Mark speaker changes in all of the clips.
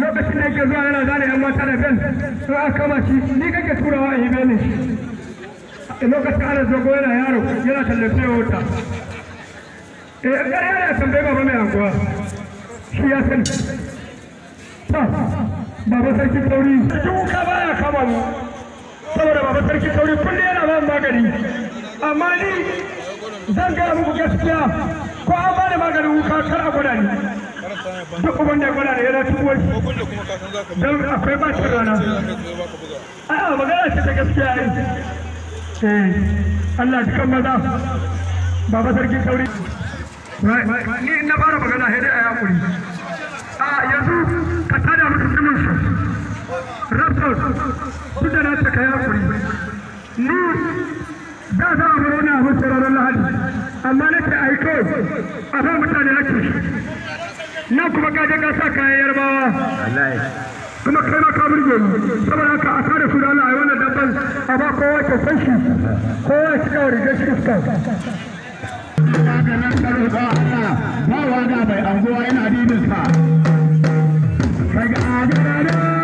Speaker 1: lokacin da yake zuwa yana zane yan mata da bel da aka kama shi ni kake turawa a yi belin shi lokacin ana zogo yana yaro yana tallafe wuta eh ƙarya yana tambaye baba mai anguwa shi ya sani to baba sarki tauri duka baya kama mu saboda baba sarki tauri kullum yana ba magani amma ni zan gaya muku gaskiya ko an bada maganin wuka kar a gwada ni duk wanda ya gwada da yana cikin ba cikin rana a'a magana ce ta gaskiya eh, Allah maza sarki sauri ni na fara magana sai ya a yakuri a yanzu ka tada musu sunan su rasul su da na ta kaya yakuri ni za za a bar wani abin sauraron lahadi amma nake aiko a ba mutane hakki nan kuma kaje je ka sa kayan yarbawa kuma kai ma ka burge ni saboda haka a kada su da Allah ai wannan dabban a ba kowa ta san shi kowa ya cika riga shi fuska maganin ba hana ba waga mai anguwa yana dibinsa kai ga agarara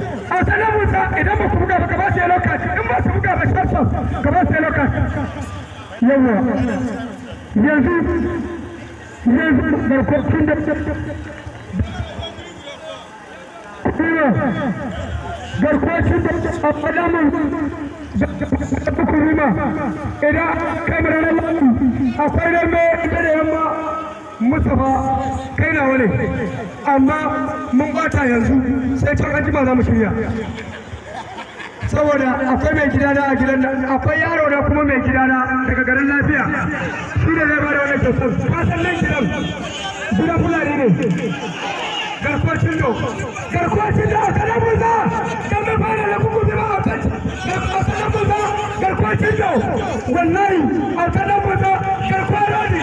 Speaker 1: a tsanan ta idan ba ku buga ba gaba sai lokaci in ba su buga ba shafshaf gaba sai lokaci yawa yanzu yanzu barkwacin da kuwa garkwacin da alamun da kuku ruma idan kamarar akwai rame da Mustapha kai na wani amma mun bata yanzu sai can anjima za mu shirya saboda akwai mai gida na a gidan nan akwai yaro na kuma mai gida na daga garin lafiya shi ne zai bada wani kyautar ka san nan gidan gidan fulani ne garkuwar cindo garkuwar cindo a kanan bulza kan bai fara na kuku zima a kan a kanan bulza garkuwar cindo wallahi a kanan bulza garkuwar rodi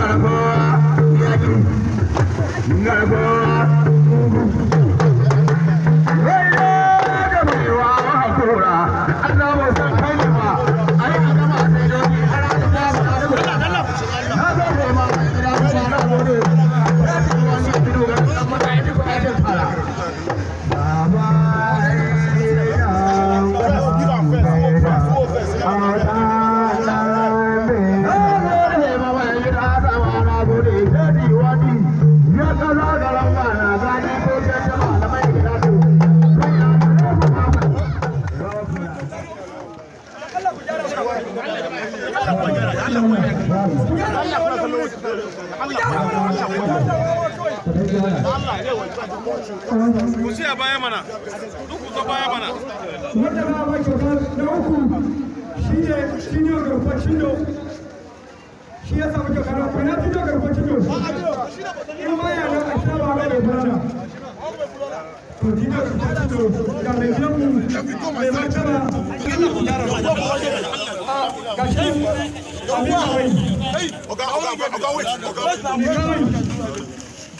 Speaker 1: Ngaragoa, Ngaragoa, ku ci a baya mana duk ku baya mana wanda ba ba kyauta na uku shi ne shi ne garkuwar cindo shi ya samu kyauta na uku na cindo garkuwar cindo in ba ya nan a sha ba ga mai fara to cindo garkuwar cindo ga mai mai martaba ga shi abin da wai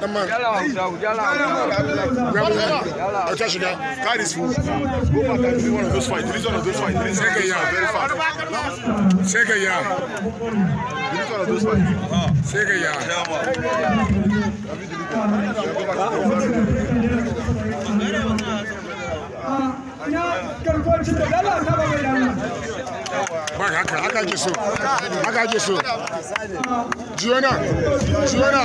Speaker 1: dan man a ta shiga card is go back and do one of those fight release one of those fight release second yam very fast second yam release one of those fight second yam Bak haka, haka ke so, haka ke so. Jiyona, Jiyona,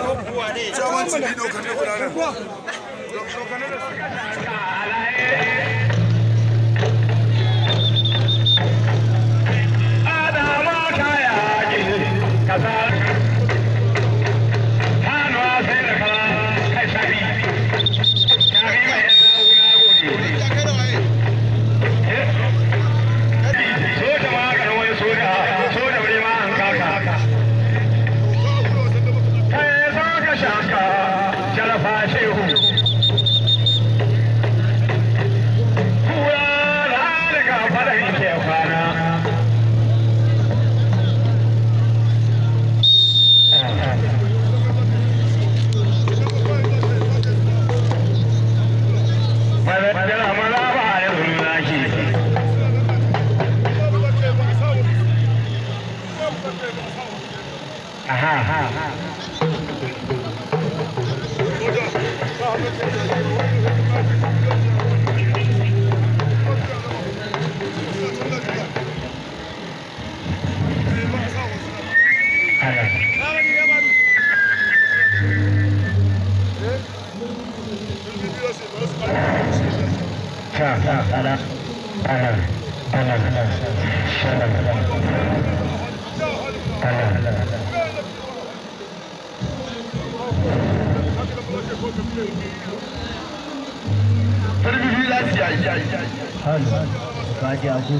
Speaker 1: Chairman Chidino, can you go down? daji jayi jayi daji aku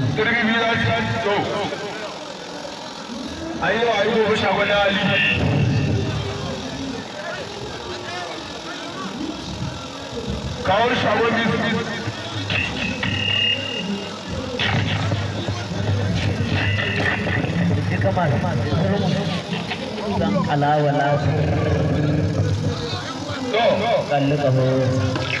Speaker 1: turbi biyu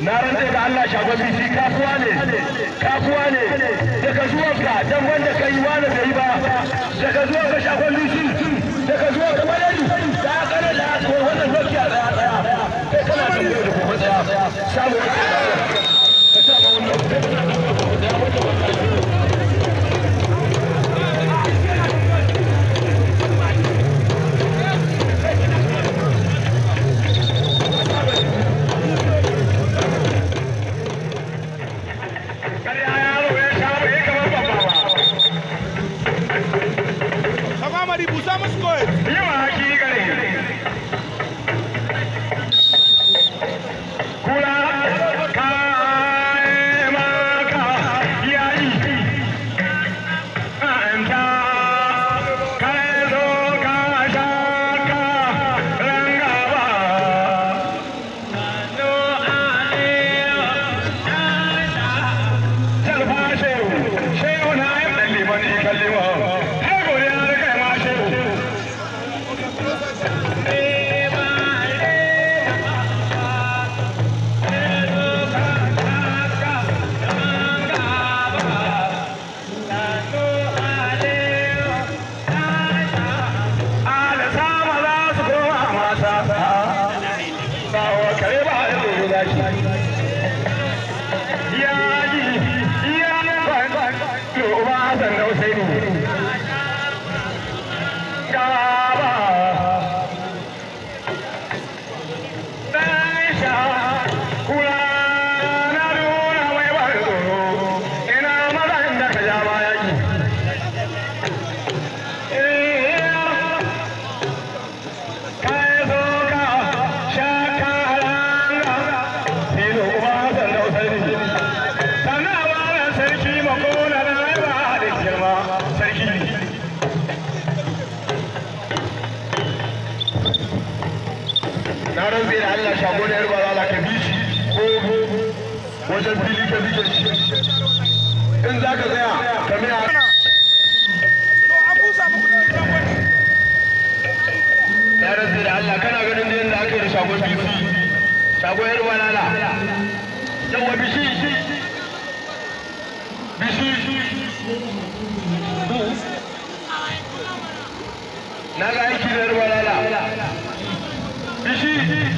Speaker 1: na rantsa da Allah shagon bisi kafuwa ne kafuwa ne daga zuwanka dan wanda kai wani bai ba daga zuwanka shagon shi daga zuwanka madadi da aka da wannan lokaci a tsaya tsaya kai kana da gobe da gobe tsaya samu idan za ka tsaya ka mai a ya rasu da Allah kana ganin da yadda aka yi da shagon bifi shagon yar banana yawa bishi bishi na ga aiki da yar banana bishi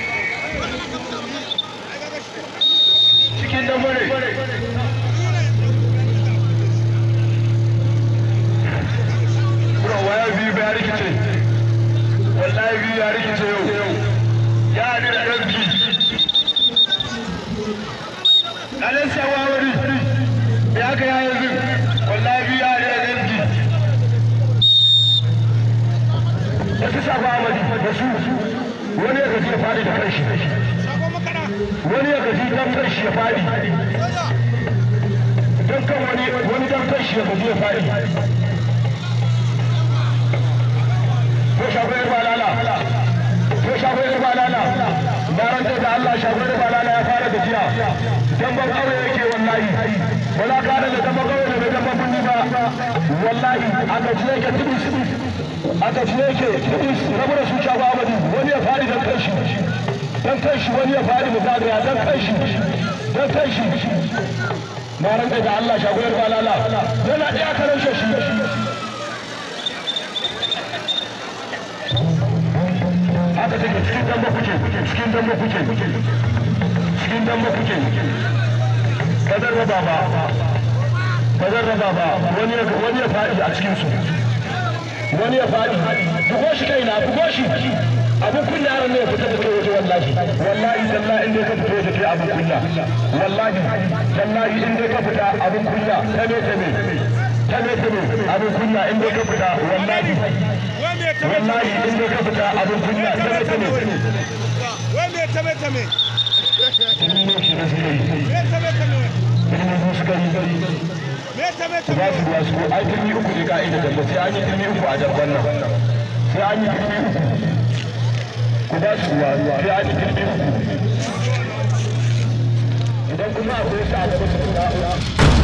Speaker 1: yan dambare bro wani ya amadi wasu wani faɗi da kan kan shi ya don kan wani wani dan kan shi ya faɗi ya fadi ko shago yar balala ko da Allah shago yar balala ya fara gajiya dan ban aure yake wallahi wala kada da dan bagawo da dan ban kunni ba wallahi aka ji yake tibis aka ji yake tibis rabu da su dan kan shi wani ya faɗi musadira don kan shi dan kan shi na ranka da Allah shagoyar balala yana ɗaya karan shi haka take cikin damba kuke cikin damba kuke cikin damba kuke bazar raba baba bazar raba baba wani ya wani ya faɗi a cikin su wani ya faɗi bugo shi kaina bugo shi abun kunya ran ne ya fita da kai waje wallahi wallahi tallahi in ka fito da kai abin kunya wallahi tallahi in ka fita kunya kame kame kame kunya in ka fita wallahi wallahi in ka fita kunya kame kame wai kame kame ba su ruwa su ko ai turmi uku ne ka'ida da sai an yi turmi uku a dabban nan sai an yi turmi ku su ruwa idan kuma akwai ta da su na'ura